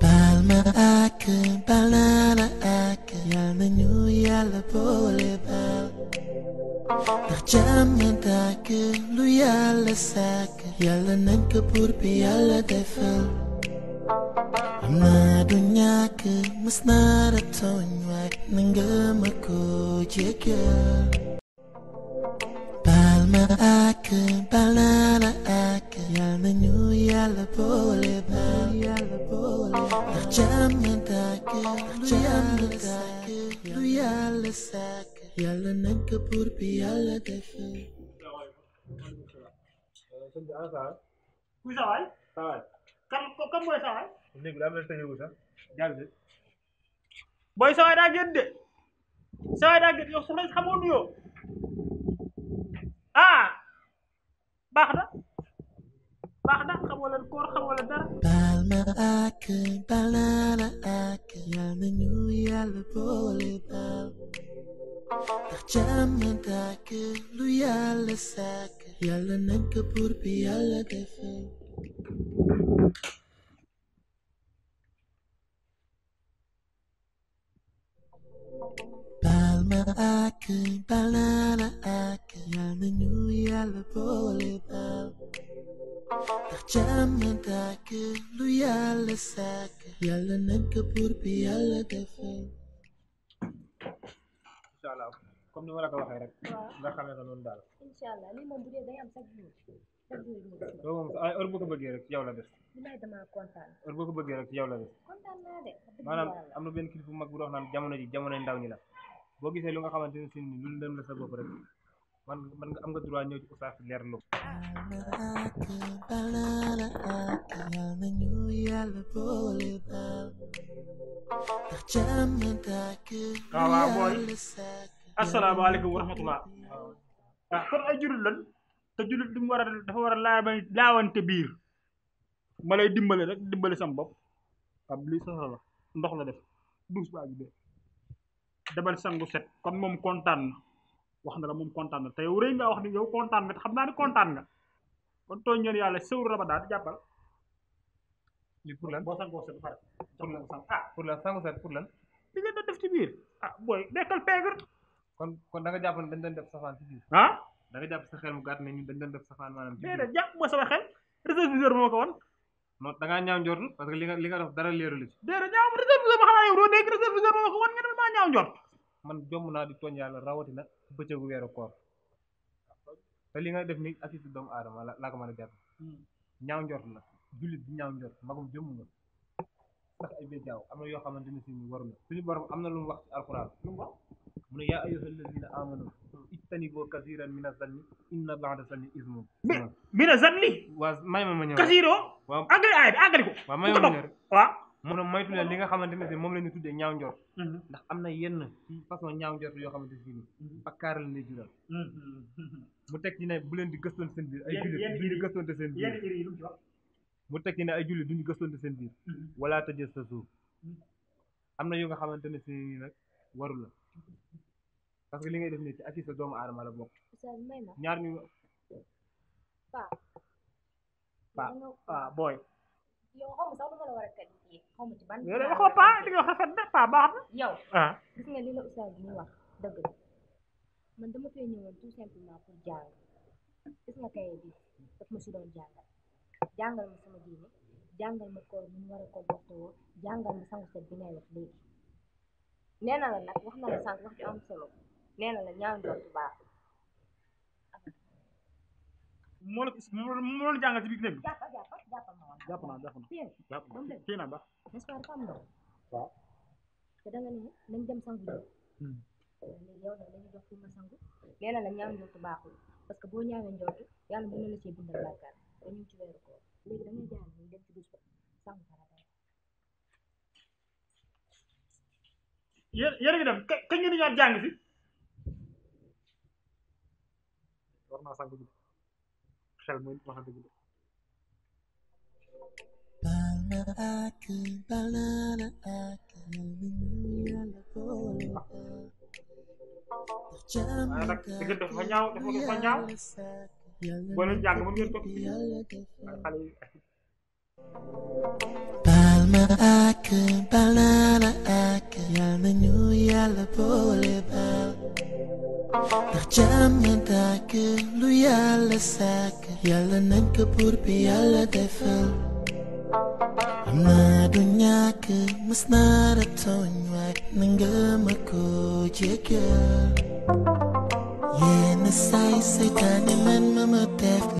Palma ak, banana ak Yal nañu yàlla boole baal ndax jàmm na dàkk lu yàlla sàkk yàlla nañ ko buur bi yàlla defal am naa du ñàkk mës naa la tooñ waaye na nga ma ko jéggal ndax jàmm dàkk lu yàlla sàkk lu yàlla sàkk yàlla nag buur bi yàlla def kuy sawaay sawaay kan kan mooy sawaay néeg bi daa mel tëjee sax jàll booy sawaay daa gën de sawaay daa gën yow soxna si xamoo nuyoo ah baax na baax na xamoo leen koor xamoo leen dara Sana aking palana aking Nanuya la pole bab Nakjaman ake Luya la sakin Yala nagkapurpi yala defend Palma ake palana na nekk buur bi yàlla defal. incha allah comme ni ma la waxee rek. nga xamee ko noonu daal. incha bu ay heure boo ko bëggee rek yow la def. li may damaa kontaan. heure boo ko bëggee rek yow la def. maanaam am na benn kilifa mag bu dox naan jamono ji jamono ndaw ñi la boo gisee lu nga xamante ne si lu lëm la sa bopp rek. man man am nga droit ñëw ci oustaz leerlu waaw waaw booy asalaamaaleykum wa rahmatullah waaw kon ay julit lan te julit li mu war a dafa war a laaba laawante biir ma lay dimbale rek dimbale sam bopp ab lii soxla la ndox la def douche baa ji dee dabal sangu set kon moom kontaan wax na la mum kontan na te yow nga wax ni yow kontan nga te xam naa ni kontan nga kon tooñ ngeen yàlla sëwru ramadan jappal li pour lan boo sangoo set pare pour lan sang ah pour lan sangoo set pour lan li ngeen def ci bir ah boy nekkal peegar kon kon da nga jappal ne dañ doon def safan ci bir ah da nga japp sa xel mu gatt ne ñu dañ doon def safan manam ci biir japp mo sa xel réserviseur moko won no da nga ñaaw ndjor parce que li nga li nga def dara li ci déedéet ñaaw réserviseur ma xanaa yow nekk réserviseur moo won nga dama ñaaw ndjor man jomm naa di tooñ rawati nak bëccëgu weeru koor te li nga def ni affiche bi doomu aadama la laa ko mën a jàpp ñaaw njort la jullit bi ñaaw njort magum jëmm nga ndax ay béjjaaw am na yoo xamante ne si ñu waru na suñu borom am na lu mu wax ci alxuraan mu ne yaa ayyuha alladina amanu ittani ijtanibu kasiran mina zanni inna ba'da zanni ismun mina zanni waa may ma ma ñëw kasiroo waaw àggali aay bi ko waaw may ma ma ñëw waaw mu ne moytu leen li nga xamante ne si moom la ñu tuddee ñaaw njort mm-hmm. ndax am na yenn ci ñaaw njort yoo xamante si ni bakkaar mm-hmm. la lay jural mm-hmm. mu teg ci ne bu leen di gëstoon seen biir ay jullit duñu gëstoonte seen mu teg ci ne ay jullit duñu gëstoonte seen biir wala tëjël sa suuf am na yu nga xamante ne si ni nag la parce que li ngay def ne ci ak sa doomu aadama bo bokk ñaar ñu paa يو هو مصور من ورا الكدي هو مجبان يلا هو با دي هو خدنا با با يو اه بسم الله لو اسال ني وا دغ من دم تو ني تو سامبل ما كو جان بسم الله كاي دي دك مسو دون جانgal jangal ma sama diine jangal ma koor ni wara ko waxtoo jangal ma sangu set bi ngay wax léegi nee na la nag wax na la solo jàpp naa jàpp naa jàpp naa kii naa ba. Gaspard dafa am ndox. waaw. te sangu ji. Hmm. léegi yow nag dañuy jox fi ma sangu. nee na la ñaaw njortu baaxul parce que boo ñaawee njortu yàlla mën na la ba sangu farata. yéen yéen a ngi dem kañ ngeen di ñaan sangu ji xel mooy waxante ji. waaye nag diggante dafa ñaaw dafa dafa ñaaw boo leen jàng ba ngeen toog xale yi baal ma ak baal naa la ak yal na ñu yàlla boole baal ndax jàmm dàkk lu yàlla sàkk yàlla nañ ko buur bi yàlla defal I'm not Amadunya ke mesnara tonwa Nanggama ko jegel Yena say say taniman mamatef